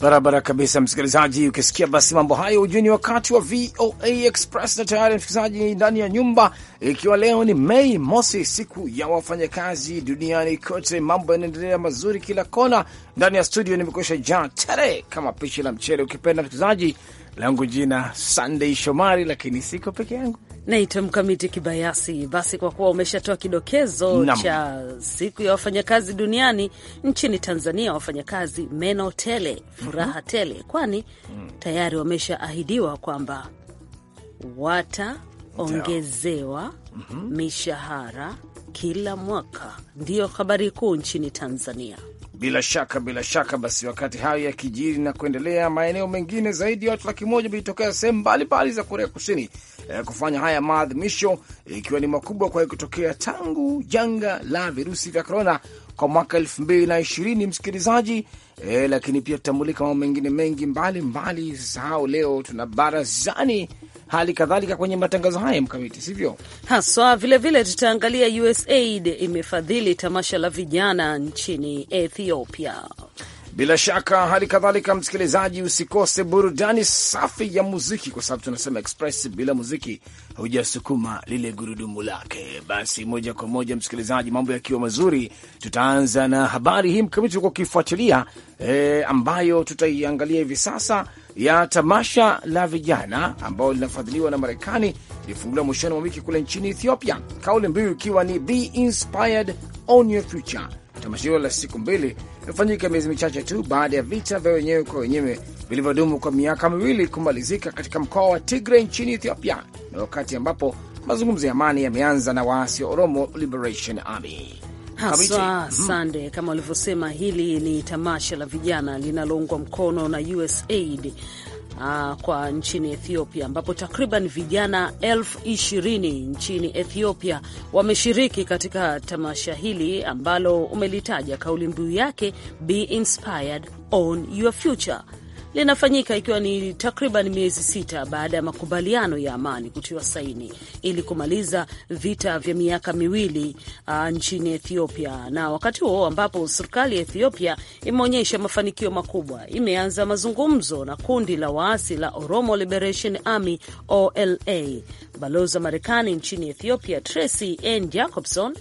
Barabara kabisa, msikilizaji. Ukisikia basi mambo hayo, ujue ni wakati wa VOA Express na tayari msikilizaji ndani ya nyumba, ikiwa leo ni Mei Mosi, siku ya wafanyakazi duniani kote. Mambo yanaendelea mazuri kila kona. Ndani ya studio nimekosha jaa tere kama pishi la mchele, ukipenda msikilizaji langu. Jina Sunday Shomari, lakini siko peke yangu naitwa Mkamiti Kibayasi. Basi, kwa kuwa umeshatoa kidokezo Nam. cha siku ya wafanyakazi duniani nchini Tanzania, wafanyakazi meno tele, furaha mhm. tele, kwani mm. tayari wameshaahidiwa kwamba wataongezewa mhm. mishahara kila mwaka. Ndiyo habari kuu nchini Tanzania. Bila shaka bila shaka. Basi wakati hayo yakijiri na kuendelea, maeneo mengine zaidi ya watu laki moja wamejitokeza sehemu mbalimbali za Korea Kusini Eh, kufanya haya maadhimisho, ikiwa ni makubwa kwa kutokea tangu janga la virusi vya korona kwa mwaka elfu mbili na ishirini msikilizaji. E, lakini pia tutambulika mambo mengine mengi mbalimbali. Sisahau leo tuna barazani, hali kadhalika kwenye matangazo haya mkamiti, sivyo haswa. Vilevile tutaangalia USAID imefadhili tamasha la vijana nchini Ethiopia. Bila shaka hali kadhalika, msikilizaji, usikose burudani safi ya muziki, kwa sababu tunasema express bila muziki hujasukuma lile gurudumu lake. Basi moja kwa moja, msikilizaji, mambo yakiwa mazuri, tutaanza na habari hii mkamiti uko ukifuatilia e, eh, ambayo tutaiangalia hivi sasa ya tamasha la vijana ambayo linafadhiliwa na Marekani lifungulia mwishoni mwa wiki kule nchini Ethiopia, kauli mbiu ikiwa ni Be Inspired on Your Future. Tamasha hilo la siku mbili limefanyika miezi michache tu baada ya vita vya wenyewe kwa wenyewe vilivyodumu kwa miaka miwili kumalizika katika mkoa wa tigre nchini Ethiopia, na wakati ambapo mazungumzo ya amani yameanza na waasi wa Oromo Liberation Army haswa hmm. sande. Kama walivyosema, hili ni tamasha la vijana linaloungwa mkono na USAID uh, kwa nchini Ethiopia ambapo takriban vijana elfu ishirini nchini Ethiopia wameshiriki katika tamasha hili ambalo umelitaja kauli mbiu yake Be Inspired, on Your Future linafanyika ikiwa ni takriban miezi sita baada ya makubaliano ya amani kutiwa saini ili kumaliza vita vya miaka miwili uh, nchini Ethiopia. Na wakati huo ambapo serikali ya Ethiopia imeonyesha mafanikio makubwa, imeanza mazungumzo na kundi la waasi la Oromo Liberation Army OLA. Balozi wa Marekani nchini Ethiopia Tracy N Jacobson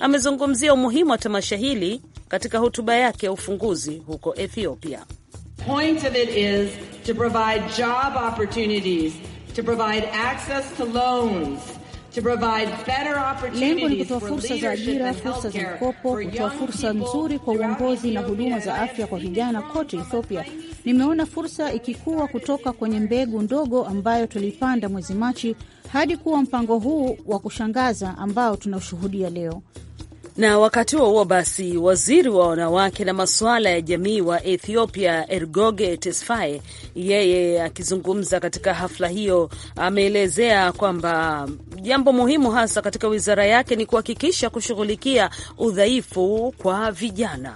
amezungumzia umuhimu wa tamasha hili katika hotuba yake ya ufunguzi huko Ethiopia point of it is to provide job opportunities, to provide access to loans, Lengo ni kutoa fursa za ajira, fursa za mkopo, kutoa fursa nzuri kwa uongozi na huduma za afya kwa vijana kote Ethiopia. Nimeona fursa ikikua kutoka kwenye mbegu ndogo ambayo tulipanda mwezi Machi hadi kuwa mpango huu wa kushangaza ambao tunashuhudia leo. Na wakati huo huo basi, waziri wa wanawake na masuala ya jamii wa Ethiopia Ergoge Tesfaye, yeye akizungumza katika hafla hiyo, ameelezea kwamba jambo muhimu hasa katika wizara yake ni kuhakikisha kushughulikia udhaifu kwa vijana.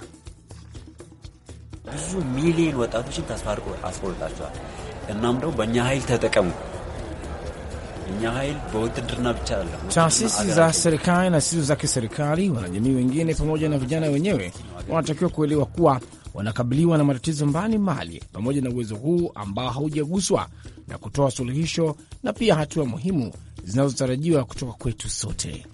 ብዙ ሚሊዮን ወጣቶችን ተስፋ አስቆርጣቸዋል። እናም ደግሞ በእኛ ኃይል ተጠቀሙ Taasisi za serikali na sizo za kiserikali, wanajamii wengine, pamoja na vijana wenyewe wanatakiwa kuelewa kuwa wanakabiliwa na matatizo mbalimbali pamoja na uwezo huu ambao haujaguswa na kutoa suluhisho na pia hatua muhimu zinazotarajiwa kutoka kwetu sote.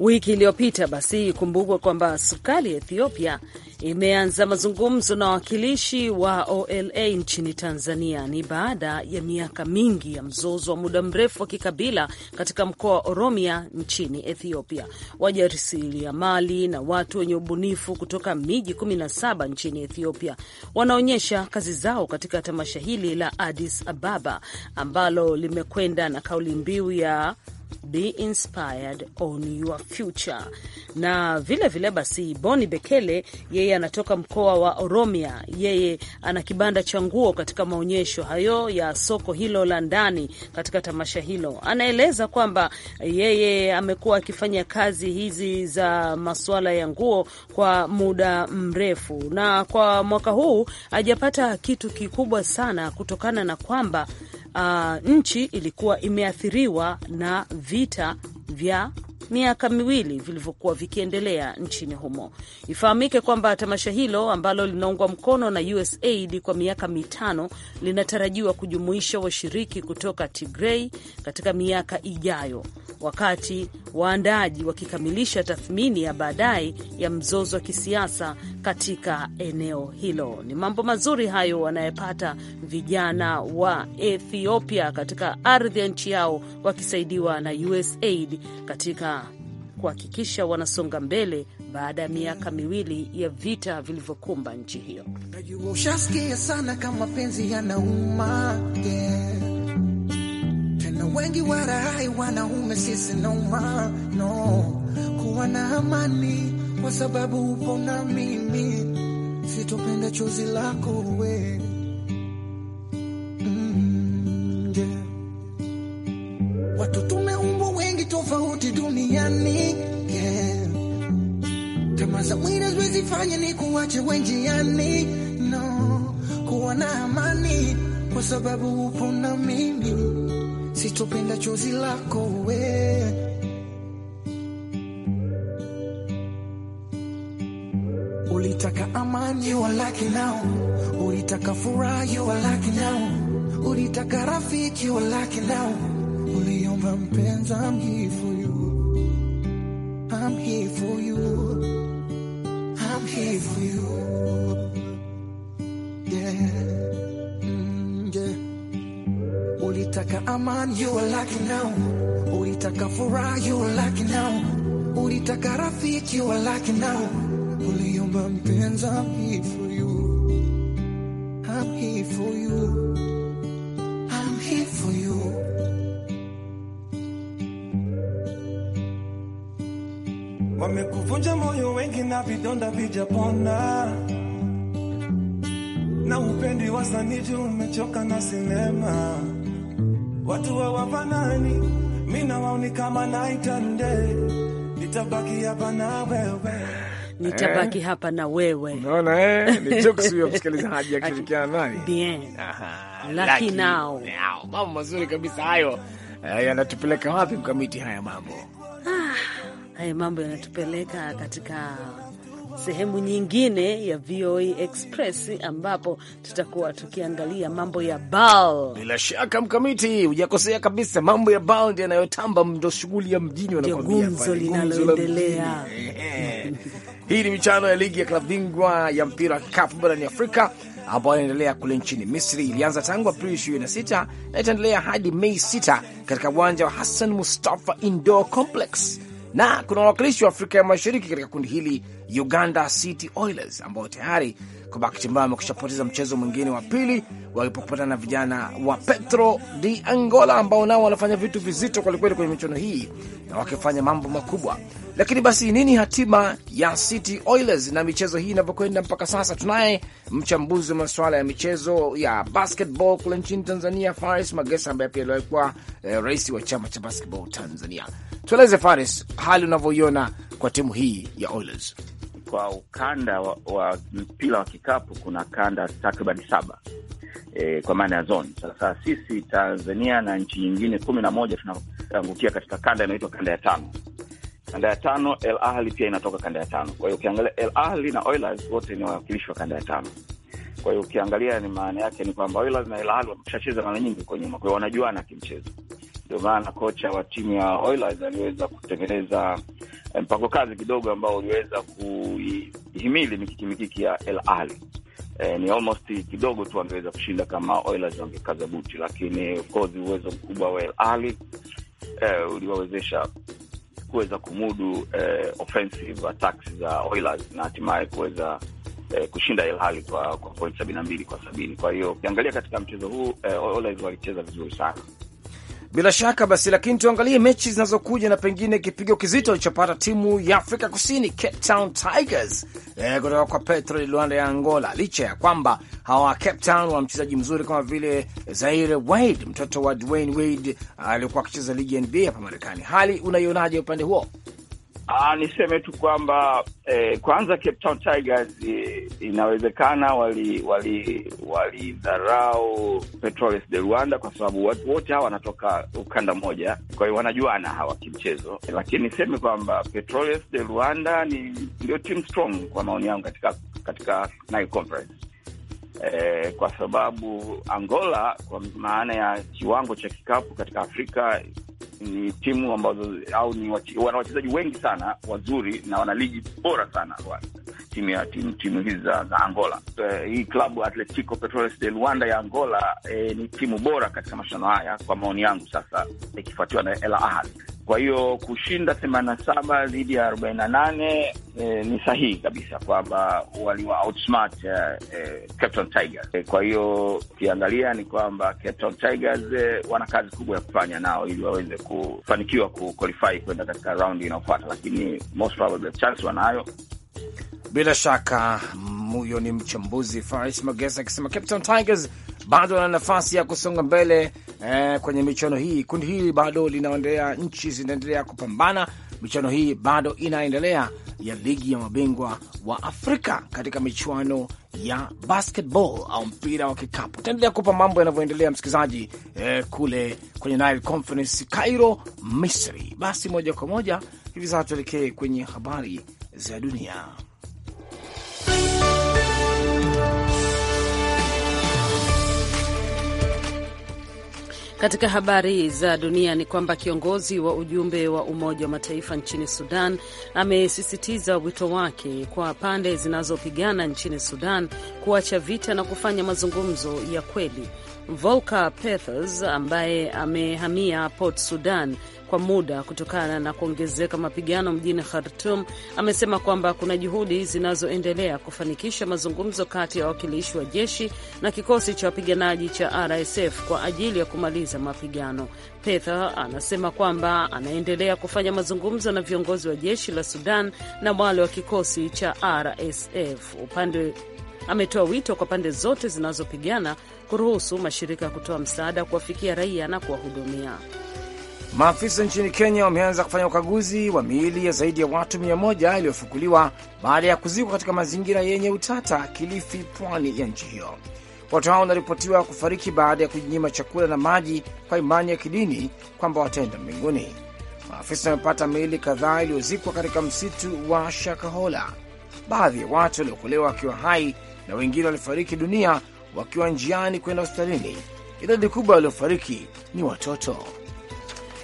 Wiki iliyopita basi, ikumbukwa kwamba serikali ya Ethiopia imeanza mazungumzo na wawakilishi wa OLA nchini Tanzania. Ni baada ya miaka mingi ya mzozo wa muda mrefu wa kikabila katika mkoa wa Oromia nchini Ethiopia. Wajasiriamali na watu wenye ubunifu kutoka miji 17 nchini Ethiopia wanaonyesha kazi zao katika tamasha hili la Addis Ababa ambalo limekwenda na kauli mbiu ya Be inspired on your future. Na vile vile basi, Boni Bekele yeye anatoka mkoa wa Oromia, yeye ana kibanda cha nguo katika maonyesho hayo ya soko hilo la ndani. Katika tamasha hilo, anaeleza kwamba yeye amekuwa akifanya kazi hizi za masuala ya nguo kwa muda mrefu, na kwa mwaka huu hajapata kitu kikubwa sana kutokana na kwamba uh, nchi ilikuwa imeathiriwa na vita vya miaka miwili vilivyokuwa vikiendelea nchini humo. Ifahamike kwamba tamasha hilo ambalo linaungwa mkono na USAID kwa miaka mitano linatarajiwa kujumuisha washiriki kutoka Tigrei katika miaka ijayo, wakati waandaji wakikamilisha tathmini ya baadaye ya mzozo wa kisiasa katika eneo hilo. Ni mambo mazuri hayo wanayepata vijana wa Ethiopia katika ardhi ya nchi yao wakisaidiwa na USAID katika kuhakikisha wanasonga mbele baada ya miaka miwili ya vita vilivyokumba nchi hiyo. Najua ushasikia sana kama mapenzi yanauma, yeah. Tena wengi warahai wanaume sisi nauma no kuwa na amani kwa sababu upo na mimi, sitopenda chozi lako we yote duniani yeah. Tamaa za mwili haziwezi fanya ni kuwache wenjiani no, kuwa na amani kwa sababu upo na mimi, sitopenda chozi lako we Ulitaka amani you are lacking now. Ulitaka furaha you are lacking now. Ulitaka rafiki you are lacking now. Uliomba mpenza mjifu amani you are lucky now, ulitaka furaha you are lucky now, ulitaka rafiki you are lucky now, uliomba mpenza, I'm here for you, I'm here for you, I'm here for you. Wamekuvunja moyo wengi na vidonda vijapona, na upendi wa saniti, umechoka na sinema watu hawafanani, mimi na wao ni kama night and day, nitabaki hapa na wewe nitabaki eh, hapa na wewe. Unaona eh, ni jokes huyo msikilizaji akishirikiana naye bien Aha, laki Now, mambo mazuri kabisa hayo. Eh, yanatupeleka wapi mkamiti haya mambo? Ah, haya mambo yanatupeleka katika sehemu nyingine ya VOA Express ambapo tutakuwa tukiangalia mambo ya bal. Bila shaka, Mkamiti, hujakosea kabisa, mambo ya bal ndio yanayotamba, ndo shughuli ya mjini, wanakwambia gumzo linaloendelea. Hii ni michano ya ligi ya klabu bingwa ya mpira wa kikapu barani Afrika ambayo inaendelea kule nchini Misri. Ilianza tangu Aprili 26 na itaendelea hadi Mei 6 katika uwanja wa Hassan Mustafa Indoor Complex, na kuna wawakilishi wa Afrika ya Mashariki katika kundi hili Uganda City Oilers ambao tayari kwa bahati mbaya wamekushapoteza mchezo mwingine wa pili walipokutana na vijana wa Petro di Angola ambao nao wanafanya vitu vizito kwelikweli kwenye michuano hii na wakifanya mambo makubwa. Lakini basi nini hatima ya City Oilers na michezo hii inavyokwenda mpaka sasa? Tunaye mchambuzi wa masuala ya michezo ya basketball kule nchini Tanzania, Faris Magesa ambaye pia aliwahi kuwa eh, rais wa chama cha basketball Tanzania. Tueleze Faris, hali unavyoiona kwa timu hii ya Oilers kwa ukanda wa, wa mpira wa kikapu kuna kanda takriban saba e, kwa maana ya zone. Sasa sisi Tanzania na nchi nyingine kumi na moja tunaangukia katika kanda inaitwa kanda ya tano. Kanda ya tano, El Ahli pia inatoka kanda ya tano. Kwa hiyo ukiangalia El Ahli na Oilers wote ni wawakilishi wa kanda ya tano. Kwa hiyo ukiangalia, ni maana yake ni kwamba Oilers na El Ahli wameshacheza mara nyingi huko nyuma, kwa hiyo wanajuana kimchezo. Ndio maana kocha wa timu ya Oilers aliweza kutengeneza eh, mpango kazi kidogo ambao uliweza kuihimili mikiki mikiki ya El Ahly. E, ni almost kidogo tu angeweza kushinda kama Oilers wangekaza buti, lakini of course uwezo mkubwa wa El Ahly e, uliwawezesha kuweza kumudu e, offensive attacks za Oilers na hatimaye kuweza e, kushinda El Ahly kwa, kwa point sabini na mbili kwa sabini. Kwa hiyo ukiangalia katika mchezo huu e, Oilers walicheza vizuri sana. Bila shaka basi, lakini tuangalie mechi zinazokuja na pengine kipigo kizito alichopata timu ya Afrika Kusini, Cape Town Tigers e, kutoka kwa Petro Luanda ya Angola, licha ya kwamba hawa Cape Town wana mchezaji mzuri kama vile Zaire Wade, mtoto wa Dwayne Wade aliokuwa akicheza ligi ya NBA hapa Marekani. Hali unaionaje upande huo? Aa, ah, niseme tu kwamba eh, kwanza Cape Town Tigers eh, inawezekana walidharau wali, wali Petroles de Rwanda kwa sababu watu wote hawa wanatoka ukanda mmoja, kwa hiyo wanajuana hawa kimchezo, lakini niseme kwamba Petroles de Rwanda ni ndio team strong kwa maoni yangu katika katika Nile Conference. Eh, kwa sababu Angola kwa maana ya kiwango cha kikapu katika Afrika ni timu ambazo au ni wana wachezaji wengi sana wazuri na wana ligi bora sana wana timu ya timu, timu hizi za, za Angola. Uh, hii klabu Atletico Petroles de Luanda ya Angola e, ni timu bora katika mashindano haya kwa maoni yangu, sasa ikifuatiwa e, na El Ahly. Kwa hiyo kushinda themanini saba dhidi ya arobaini na nane eh, ni sahihi kabisa kwamba waliwa outsmart e, eh, eh Cape Town Tigers eh, kwa hiyo ukiangalia ni kwamba Cape Town Tigers eh, wana kazi kubwa ya kufanya nao ili waweze kufanikiwa kuqualify kwenda katika raundi inayofuata, lakini most probably chance wanayo. Bila shaka huyo ni mchambuzi Faris Magesa akisema Captain Tigers bado wana nafasi ya kusonga mbele eh, kwenye michuano hii. Kundi hili bado linaendelea, nchi zinaendelea kupambana. Michuano hii bado inaendelea ya ligi ya mabingwa wa Afrika katika michuano ya basketball au mpira wa kikapu. Taendelea kupa mambo yanavyoendelea msikilizaji, eh, kule kwenye Nile Conference Cairo, Misri. Basi moja kwa moja hivi sasa tuelekee kwenye habari za dunia. Katika habari za dunia ni kwamba kiongozi wa ujumbe wa Umoja wa Mataifa nchini Sudan amesisitiza wito wake kwa pande zinazopigana nchini Sudan kuacha vita na kufanya mazungumzo ya kweli. Volker Perthes ambaye amehamia Port Sudan kwa muda kutokana na kuongezeka mapigano mjini Khartum amesema kwamba kuna juhudi zinazoendelea kufanikisha mazungumzo kati ya wawakilishi wa jeshi na kikosi cha wapiganaji cha RSF kwa ajili ya kumaliza mapigano. Petha anasema kwamba anaendelea kufanya mazungumzo na viongozi wa jeshi la Sudan na wale wa kikosi cha RSF upande ametoa wito kwa pande zote zinazopigana kuruhusu mashirika ya kutoa msaada kuwafikia raia na kuwahudumia. Maafisa nchini Kenya wameanza kufanya ukaguzi wa miili ya zaidi ya watu mia moja iliyofukuliwa baada ya kuzikwa katika mazingira yenye utata Kilifi, pwani ya nchi hiyo. Watu hao wanaripotiwa kufariki baada ya kujinyima chakula na maji kwa imani ya kidini kwamba wataenda mbinguni. Maafisa wamepata miili kadhaa iliyozikwa katika msitu wa Shakahola. Baadhi ya watu waliokolewa wakiwa hai na wengine walifariki dunia wakiwa njiani kwenda hospitalini. Idadi kubwa waliofariki ni watoto.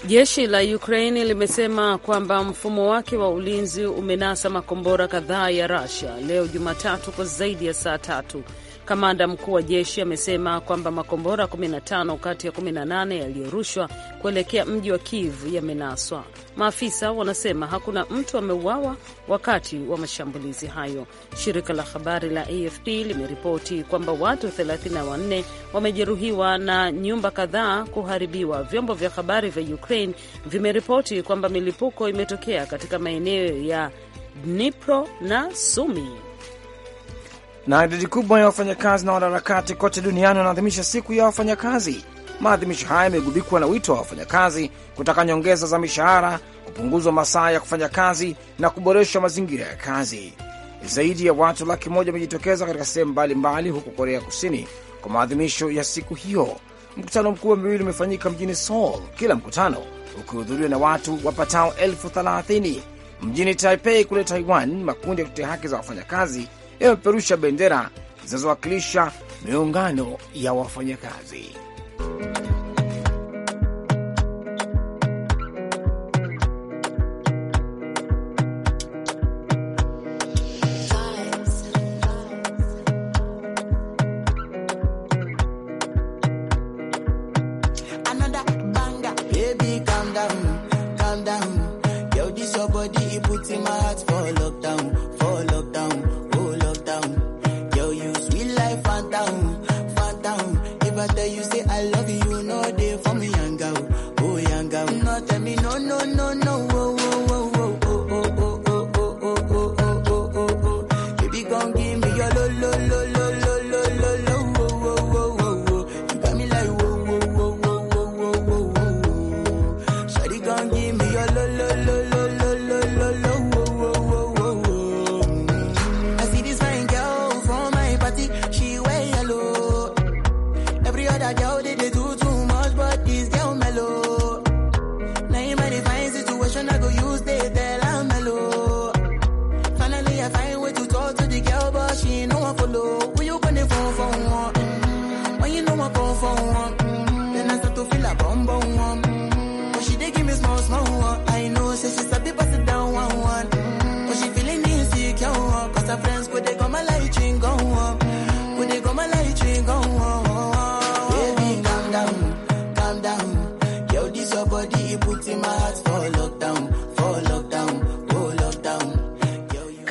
Jeshi la Ukraini limesema kwamba mfumo wake wa ulinzi umenasa makombora kadhaa ya rusia leo Jumatatu kwa zaidi ya saa tatu Kamanda mkuu wa jeshi amesema kwamba makombora 15 kati ya 18 yaliyorushwa kuelekea mji wa Kiev yamenaswa. Maafisa wanasema hakuna mtu ameuawa wakati wa mashambulizi hayo. Shirika la habari la AFP limeripoti kwamba watu 34 wamejeruhiwa na nyumba kadhaa kuharibiwa. Vyombo vya habari vya Ukraine vimeripoti kwamba milipuko imetokea katika maeneo ya Dnipro na Sumi. Na idadi kubwa ya wafanyakazi na wanaharakati kote duniani wanaadhimisha siku ya wafanyakazi. Maadhimisho haya yamegubikwa na wito wa wafanyakazi kutaka nyongeza za mishahara, kupunguzwa masaa ya kufanya kazi na kuboresha mazingira ya kazi. Zaidi ya watu laki moja wamejitokeza katika sehemu mbalimbali huko Korea Kusini kwa maadhimisho ya siku hiyo. Mkutano mkuu wa miwili umefanyika mjini Seoul, kila mkutano ukihudhuriwa na watu wapatao elfu thelathini. Mjini Taipei kule Taiwan, makundi ya kutetea haki za wafanyakazi inayopeperusha bendera zinazowakilisha miungano ya wafanyakazi.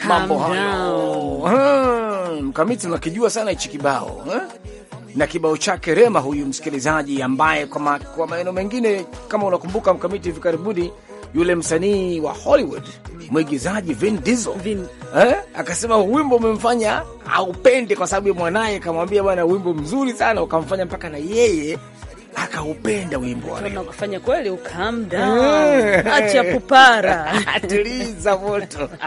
mambo hayo ah, mkamiti, unakijua sana hichi kibao eh? na kibao chake Rema huyu msikilizaji, ambaye kwa, kwa maneno mengine kama unakumbuka mkamiti, hivi karibuni yule msanii wa Hollywood mwigizaji Vin Diesel Vin... Eh, akasema wimbo umemfanya aupende kwa sababu mwanaye kamwambia, bwana, wimbo mzuri sana, ukamfanya mpaka na yeye akaupenda wimbo wake. Kama kufanya kweli, ukamda eh. acha atuliza moto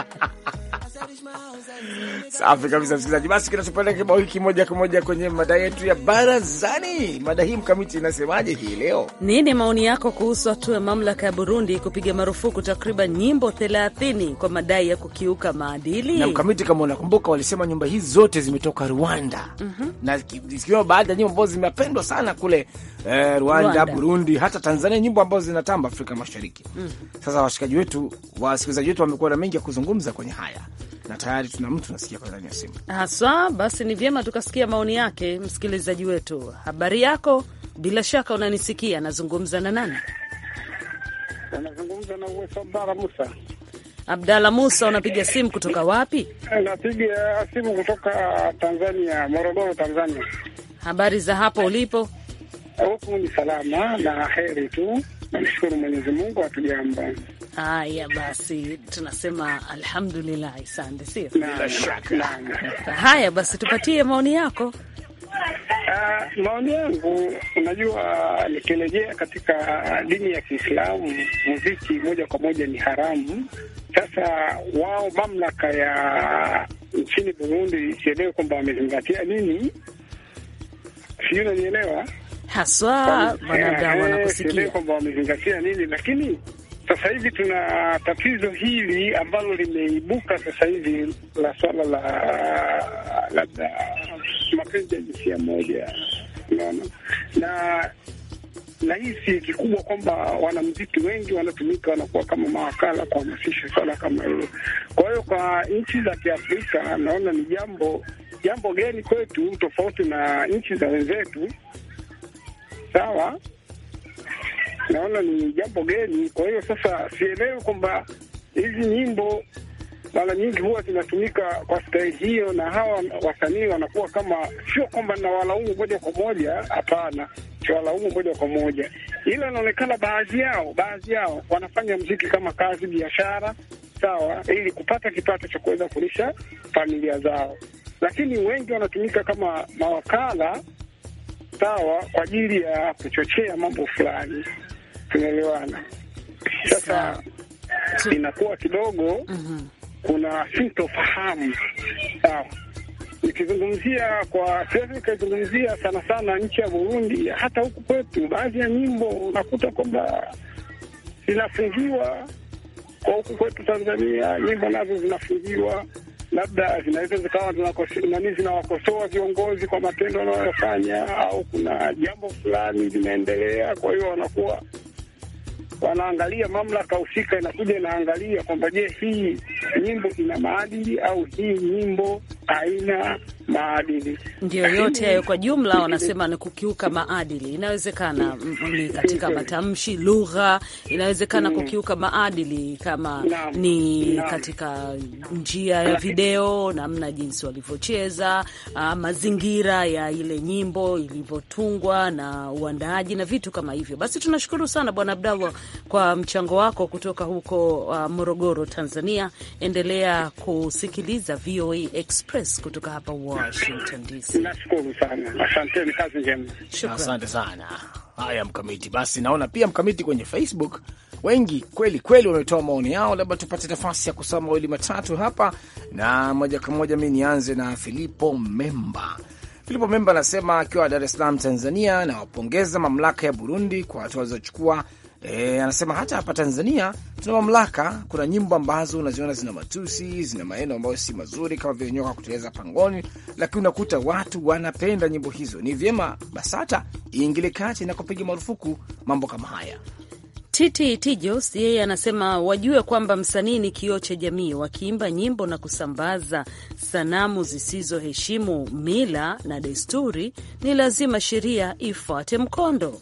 Safi kabisa, msikilizaji. Basi kinachopeleka kibao hiki moja kwa moja kwenye mada yetu ya barazani. Mada hii mkamiti inasemaje hii leo? Nini maoni yako kuhusu hatua ya mamlaka ya Burundi kupiga marufuku takriban nyimbo 30 kwa madai ya kukiuka maadili? Na mkamiti, kama unakumbuka, walisema nyumba hizi zote zimetoka Rwanda mm -hmm. na zikiwemo baadhi ya nyimbo ambazo zimependwa sana kule eh, Rwanda, Rwanda, Burundi, hata Tanzania, nyimbo ambazo zinatamba Afrika Mashariki mm -hmm. Sasa washikaji wetu, wasikilizaji wetu wamekuwa na mengi ya kuzungumza kwenye haya na tayari tuna salamu tunasikia kwa ndani ya simu haswa. Basi ni vyema tukasikia maoni yake msikilizaji wetu. Habari yako, bila shaka unanisikia. Nazungumza na nani? Anazungumza na Uweso Abdala Musa. Abdala Musa, unapiga simu kutoka wapi? Eh, napiga simu kutoka Tanzania, Morogoro, Tanzania. Habari za hapo ulipo? Huku ni salama na heri tu, namshukuru Mwenyezi Mungu, hatujambo Haya basi, tunasema alhamdulillahi, sande, sio Haya basi, tupatie maoni yako. Uh, maoni yangu, unajua, nikirejea katika dini ya Kiislamu muziki moja kwa moja ni haramu. Sasa wao mamlaka ya nchini Burundi, sielewe kwamba wamezingatia nini, sijui, nanielewa haswa, wanadamu eh, wanakusikia kwamba wamezingatia nini, lakini sasa hivi tuna tatizo hili ambalo limeibuka sasa hivi la swala la labda mapenzi ya jinsia moja, unaona na hii si kikubwa kwamba wanamziki wengi wanatumika, wanakuwa kama mawakala kuhamasisha swala kama hilo. Kwa hiyo kwa nchi za Kiafrika naona ni jambo jambo geni kwetu, tofauti na nchi za wenzetu, sawa naona ni jambo geni. Kwa hiyo sasa sielewi kwamba hizi nyimbo mara nyingi huwa zinatumika kwa staili hiyo, na hawa wasanii wanakuwa kama, sio kwamba na walaumu moja kwa moja, hapana, siwalaumu moja kwa moja, ila inaonekana baadhi yao, baadhi yao wanafanya mziki kama kazi, biashara, sawa, ili kupata kipato cha kuweza kulisha familia zao, lakini wengi wanatumika kama mawakala, sawa, kwa ajili ya kuchochea mambo fulani tunaelewana. Sasa inakuwa kidogo mhm. Kuna sintofahamu sawa. Nikizungumzia kwa siwezi nikaizungumzia sana sana nchi ya Burundi, hata huku kwetu baadhi ya nyimbo unakuta kwamba zinafungiwa kwa huku kwetu Tanzania, nyimbo nazo zinafungiwa, labda zinaweza zikawa nani, zinawakosoa viongozi kwa matendo wanayofanya, au kuna jambo fulani linaendelea, kwa hiyo wanakuwa wanaangalia, mamlaka husika inakuja inaangalia kwamba je, hii nyimbo ina maadili au hii nyimbo haina maadili. Ndio yote hayo kwa jumla wanasema ni kukiuka maadili. Inawezekana mm, mm, ni katika matamshi, lugha, inawezekana mm. kukiuka maadili kama ni katika njia ya video, namna jinsi walivyocheza, ah, mazingira ya ile nyimbo ilivyotungwa na uandaaji na vitu kama hivyo. Basi tunashukuru sana Bwana Abdallah kwa mchango wako kutoka huko uh, Morogoro, Tanzania. Endelea kusikiliza VOA Express. Express kutoka hapa Washington DC. Nashukuru sana, asanteni, kazi njema, asante sana. Haya, Mkamiti, basi naona pia Mkamiti kwenye Facebook wengi kweli kweli wametoa maoni yao, labda tupate nafasi ya kusoma mawili matatu hapa, na moja kwa moja mi nianze na Filipo Memba. Filipo Memba anasema akiwa Dar es Salaam, Tanzania, nawapongeza mamlaka ya Burundi kwa hatua walizochukua E, anasema hata hapa Tanzania tuna mamlaka. Kuna nyimbo ambazo unaziona zina matusi, zina maneno ambayo si mazuri, kama vile nyoka kuteleza pangoni, lakini unakuta watu wanapenda nyimbo hizo. Ni vyema BASATA iingile kati na kupiga marufuku mambo kama haya. Titi Tijos yeye anasema wajue kwamba msanii ni kioo cha jamii. Wakiimba nyimbo na kusambaza sanamu zisizoheshimu mila na desturi, ni lazima sheria ifuate mkondo.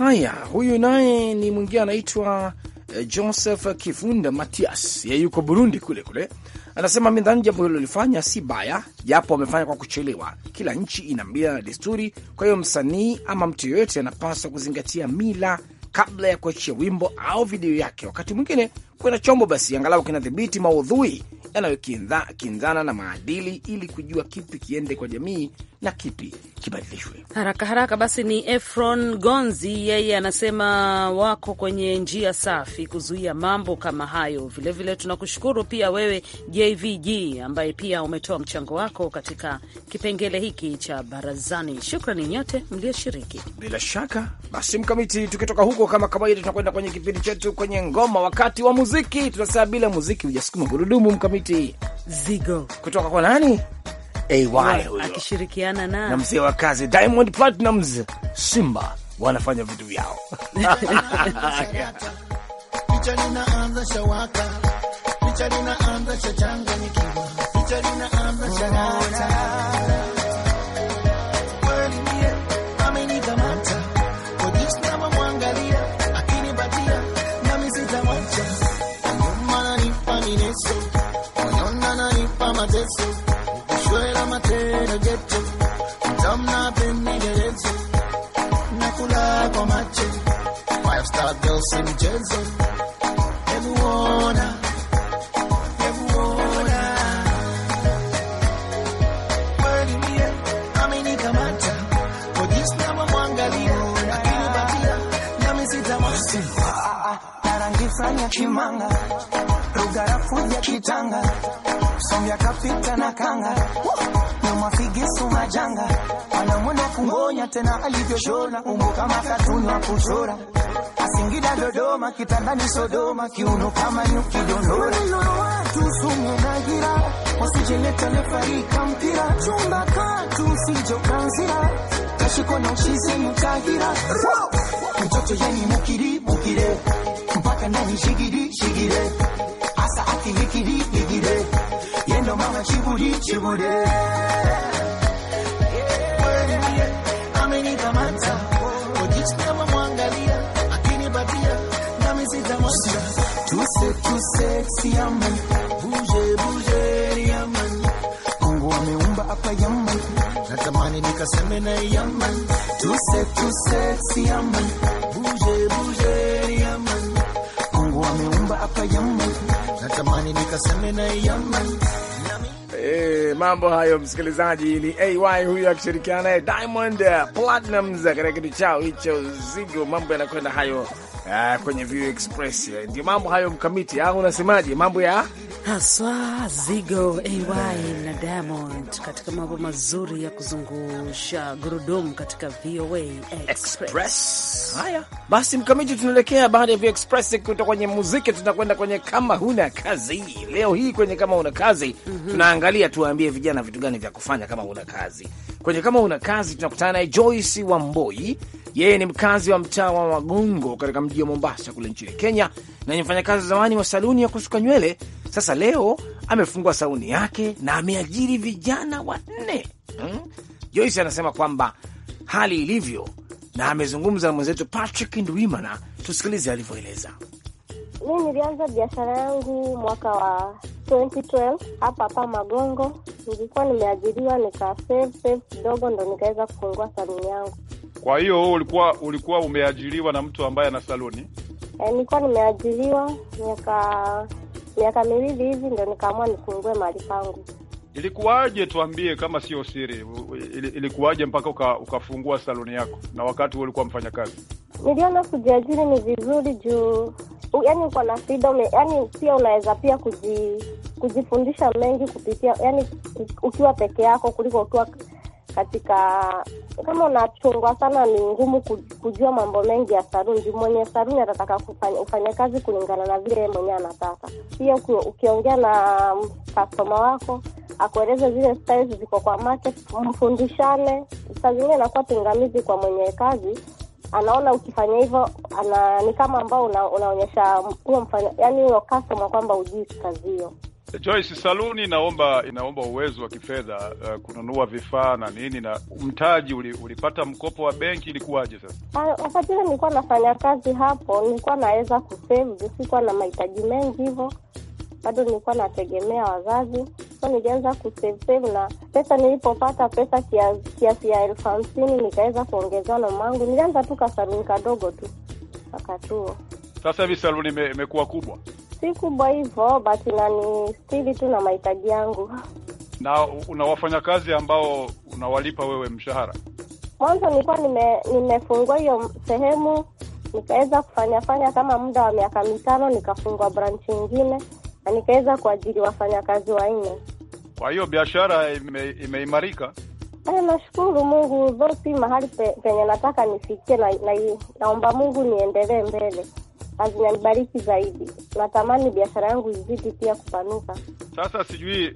Haya, huyu naye ni mwingine anaitwa eh, Joseph kifunda Matias, ye yuko Burundi kule kule. Anasema midhani jambo lilifanya si baya, japo wamefanya kwa kuchelewa. Kila nchi ina mila na desturi, kwa hiyo msanii ama mtu yoyote anapaswa kuzingatia mila kabla ya kuachia wimbo au video yake. Wakati mwingine kuna chombo basi angalau kinadhibiti maudhui yanayokinzana na maadili ili kujua kipi kiende kwa jamii na kipi kibadilishwe haraka haraka. Basi ni Efron Gonzi, yeye anasema wako kwenye njia safi kuzuia mambo kama hayo. Vilevile tunakushukuru pia wewe JVG ambaye pia umetoa mchango wako katika kipengele hiki cha barazani. Shukrani nyote mlioshiriki. Bila shaka basi, Mkamiti, tukitoka huko kama kawaida, tunakwenda kwenye kipindi chetu kwenye ngoma, wakati wa muziki muziki. Tunasema bila muziki hujasukuma gurudumu. Mkamiti zigo kutoka kwa nani? AY akishirikiana na, na mzee wa kazi Diamond Platnumz, Simba wanafanya vitu vyao Chimanga, Rugarafu ya Kitanga, Somya kapita na kanga, nyuma figi suma anamwona kungonya tena alivyoshona umbo kama katunywa kuchora Singida, Dodoma, kitandani Sodoma, kiuno kama nyuki dondora. Watu sumu na gira wasijeleta lefarika mpira chumba katu sijokanzira kashiko na ushizi mutagira mtoto yeni mukiri mukire fucking and he shiggy shiggy Asa aki hikidi hikidi Yendo mama chibudi chibudi amenikamata ojichitama mwangalia akinipatia nami sitamwacha tuse tuse siaman buje buje yaman Mungu ameumba hapa yaman natamani nikaseme na yaman tuse tuse siaman buje hapa natamani nikaseme na Hey, eh, mambo hayo msikilizaji, ni AY huyo akishirikiana naye Diamond Platnumz katika kitu chao hicho Zigo. Mambo yanakwenda hayo, uh, kwenye View Express ndio mambo hayo mkamiti, au ah, unasemaje mambo ya haswa Zigo AY na Diamond katika mambo mazuri ya kuzungusha gurudumu katika VOA Express. Haya basi, mkamiti, tunaelekea baada ya VOA Express kutoka kwenye muziki, tunakwenda kwenye kama huna kazi. Leo hii kwenye kama huna kazi mm -hmm. tunaangalia tuwaambie vijana vitu gani vya kufanya kama huna kazi. Kwenye kama una kazi tunakutana naye Joyce Wamboi yeye ni mkazi wa mtaa wa Wagongo katika mji wa Mombasa kule nchini Kenya, na ni mfanyakazi zamani wa saluni ya kusuka nywele. Sasa leo amefungua saluni yake na ameajiri vijana wanne. Hmm? Joyce anasema kwamba hali ilivyo, na amezungumza na mwenzetu Patrick Ndwimana. Tusikilize alivyoeleza. Mi nilianza biashara yangu mwaka wa 2012 hapa hapa Magongo, nilikuwa nimeajiriwa nika save save kidogo, ndo nikaweza kufungua saluni yangu. Kwa hiyo ulikuwa ulikuwa umeajiriwa na mtu ambaye ana saluni? Eh, nilikuwa nimeajiriwa miaka miaka miwili hivi, ndo nikaamua nifungue mahali pangu. Ilikuwaje? Tuambie kama sio siri, ilikuwaje mpaka uka, ukafungua saluni yako na wakati huo ulikuwa mfanya kazi? Niliona kujiajiri ni vizuri juu yani uko na freedom, yani pia unaweza pia kuji, kujifundisha mengi kupitia yani ukiwa peke yako kuliko ukiwa katika kama unachungwa sana, ni ngumu kujua mambo mengi ya saruni. Mwenye saruni atataka kufanya kazi kulingana na vile mwenyewe anataka. Pia ukiongea na kastoma wako akueleze zile styles ziko kwa market, mfundishane. Saa zingine inakuwa pingamizi kwa mwenye kazi, anaona ukifanya hivyo ana ni kama ambao una, unaonyesha huo mfanya, yani huyo kastoma kwamba ujui kazi hiyo. Joyce, saluni inaomba inaomba uwezo wa kifedha uh, kununua vifaa na nini, na mtaji uli, ulipata mkopo wa benki ilikuwaje? Sasa ah, wakati ile nilikuwa nafanya kazi hapo, nilikuwa naweza kusave, sikuwa na mahitaji mengi hivyo, bado nilikuwa nategemea wazazi so nilianza kusave na pesa. Nilipopata pesa kiasi ya elfu hamsini nikaweza kuongezewa na mamangu, nilianza tu kasaluni kadogo tu wakati huo. Sasa hivi saluni imekuwa me, kubwa si kubwa hivyo, but nani stili tu na mahitaji yangu. Na una wafanyakazi ambao unawalipa wewe mshahara? Mwanzo nilikuwa nime, nimefungua hiyo sehemu nikaweza kufanya fanya kama muda wa miaka mitano, nikafungua branch nyingine na nikaweza kuajiri wafanyakazi wanne. Kwa hiyo biashara imeimarika ime, eh, nashukuru Mungu. Dho mahali penye nataka nifikie, na naomba Mungu niendelee mbele na zinanibariki zaidi. Natamani biashara yangu izidi pia kupanuka. Sasa sijui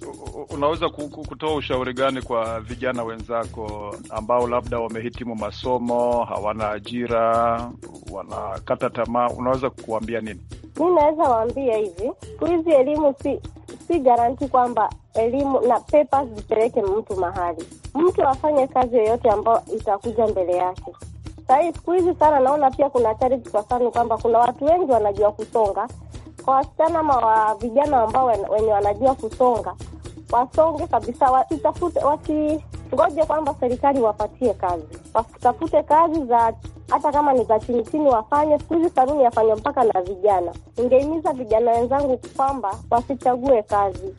unaweza kutoa ushauri gani kwa vijana wenzako ambao labda wamehitimu masomo, hawana ajira, wanakata tamaa, unaweza kuwambia nini? Mi naweza waambia hivi, siku hizi elimu si si garanti kwamba elimu na papers zipeleke mtu mahali. Mtu afanye kazi yoyote ambayo itakuja mbele yake sahii siku hizi sana naona pia kuna hatari kwa sana, kwamba kuna watu wengi wanajua kusonga, kwa wasichana ama wa vijana ambao wenye wanajua kusonga wasonge kabisa, wasitafute wasingoje kwamba serikali wapatie kazi, wasitafute kazi za hata kama ni za chini chini, wafanye. Siku hizi saluni yafanywa mpaka na vijana. Ningehimiza vijana wenzangu kwamba wasichague kazi,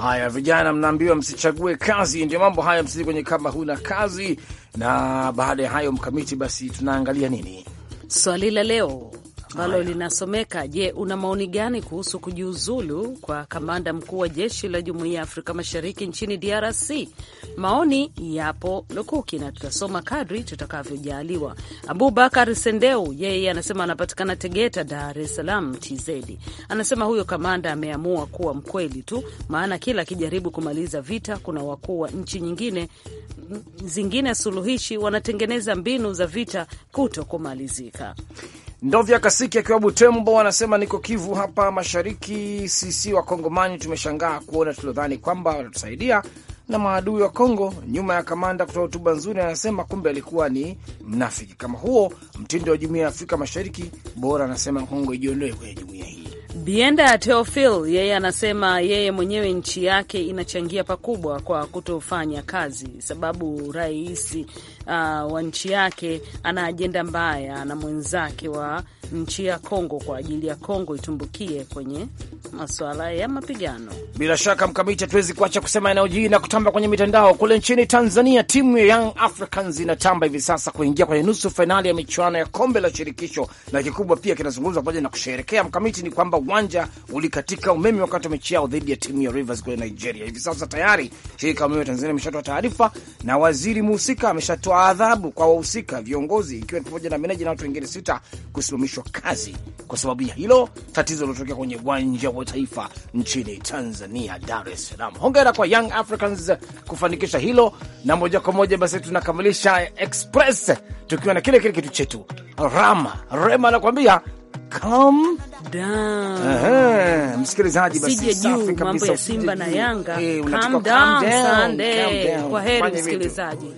Haya, vijana mnaambiwa msichague kazi, ndio mambo haya msii kwenye kama huna kazi. Na baada ya hayo mkamiti, basi tunaangalia nini swali la leo ambalo linasomeka: Je, una maoni gani kuhusu kujiuzulu kwa kamanda mkuu wa jeshi la jumuiya ya Afrika Mashariki nchini DRC? Maoni yapo lukuki na tutasoma kadri tutakavyojaaliwa Abubakar Sendeu yeye anasema anapatikana Tegeta, Dar es Salaam TZ. Anasema huyo kamanda ameamua kuwa mkweli tu, maana kila akijaribu kumaliza vita kuna wakuu wa nchi nyingine zingine suluhishi wanatengeneza mbinu za vita kuto kumalizika. Ndovya Kasiki akiwa Butembo anasema niko Kivu hapa mashariki. Sisi wa Kongomani tumeshangaa kuona tuliodhani kwamba wanatusaidia na maadui wa Kongo nyuma ya kamanda kutoa hotuba nzuri, anasema kumbe alikuwa ni mnafiki. Kama huo mtindo wa jumuiya ya Afrika Mashariki, bora anasema Kongo ijiondoe kwenye jumuiya. Bienda Teofil yeye anasema yeye mwenyewe nchi yake inachangia pakubwa kwa kutofanya kazi, sababu rais uh, wa nchi yake ana ajenda mbaya na mwenzake wa nchi ya Kongo kwa ajili ya Kongo itumbukie kwenye masuala ya mapigano. Bila shaka Mkamiti, hatuwezi kuacha kusema yanayojiri na kutamba kwenye mitandao. Kule nchini Tanzania, timu ya Young Africans inatamba hivi sasa kuingia kwenye nusu fainali ya michuano ya kombe la shirikisho, na kikubwa pia kinazungumzwa pamoja na kusherekea Mkamiti ni kwamba uwanja ulikatika umeme wakati wa mechi yao dhidi ya timu ya Rivers kule Nigeria. Hivi sasa tayari shirika umeme Tanzania ameshatoa taarifa na waziri muhusika ameshatoa adhabu kwa wahusika viongozi, ikiwa ni pamoja na meneja na watu wengine sita kusimamishwa kazi kwa sababu ya hilo tatizo lilotokea kwenye uwanja wa taifa nchini Tanzania, Dar es Salaam. Hongera kwa Young Africans kufanikisha hilo, na moja kwa moja basi tunakamilisha Express tukiwa na kile kile kitu chetu Rama Rema anakuambia come Msikilizaji, basi safi kabisa, Simba na Yanga. Eh, calm down Sunday. Kwa heri msikilizaji.